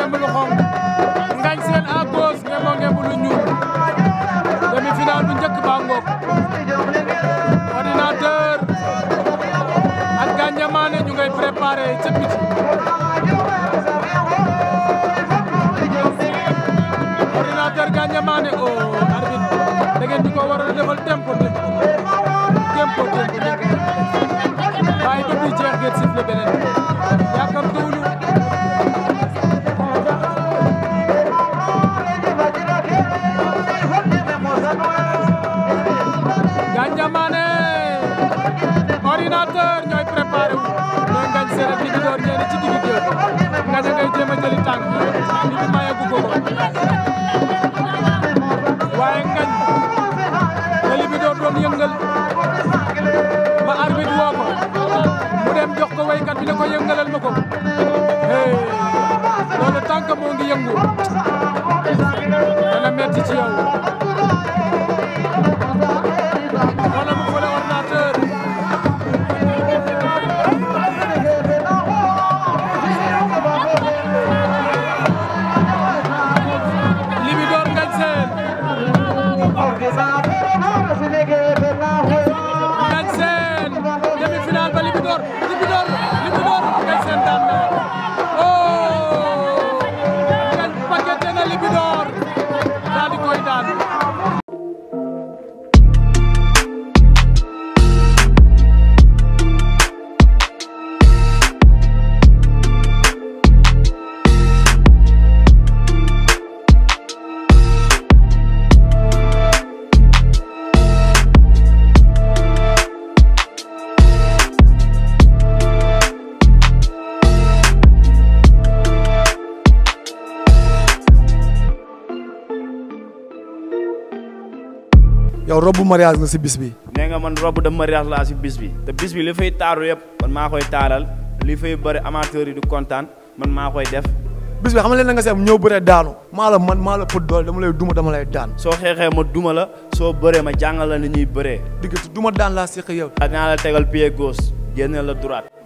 ngemb lu xonk bu njëkk baa ngoog ordinateur ak Gandia Mané ñu ngay préparé ca biti ordinateur Gandia Mané o oh, arbitre da ngeen di ko war a defal tempo tempo tempo tempo bàyyi ba muy jeex ngeen siffle beneen ordinateur ñooy préparé wu ñooy ngañ seere di door ñeene ci digg géew nga da ngay jéem jëli tànk li mu maye waaye ngañ jëli bi door doon yëngal ba arbitre woo ko mu dem jox ko waykat ko yëngalal ma ko hey loolu tànk moo ngi yëngu Moussa yow robu mariage nga si bis bi. nee nga man robu de mariage laa si bis bi te bis bi li fay taaru yëpp man maa koy taaral li fay bëri amateurs yi du kontaan man maa koy def. bis bi xam nga leen nga seetlu ñëw bëree daanu maa la man maa la pët doole dama lay duma dama lay daan. soo xeexee ma duma la soo baree ma jàngal la ni ñuy bëree. digg duma daan laa seq yow. dinaa la tegal pied gos génnee la droite.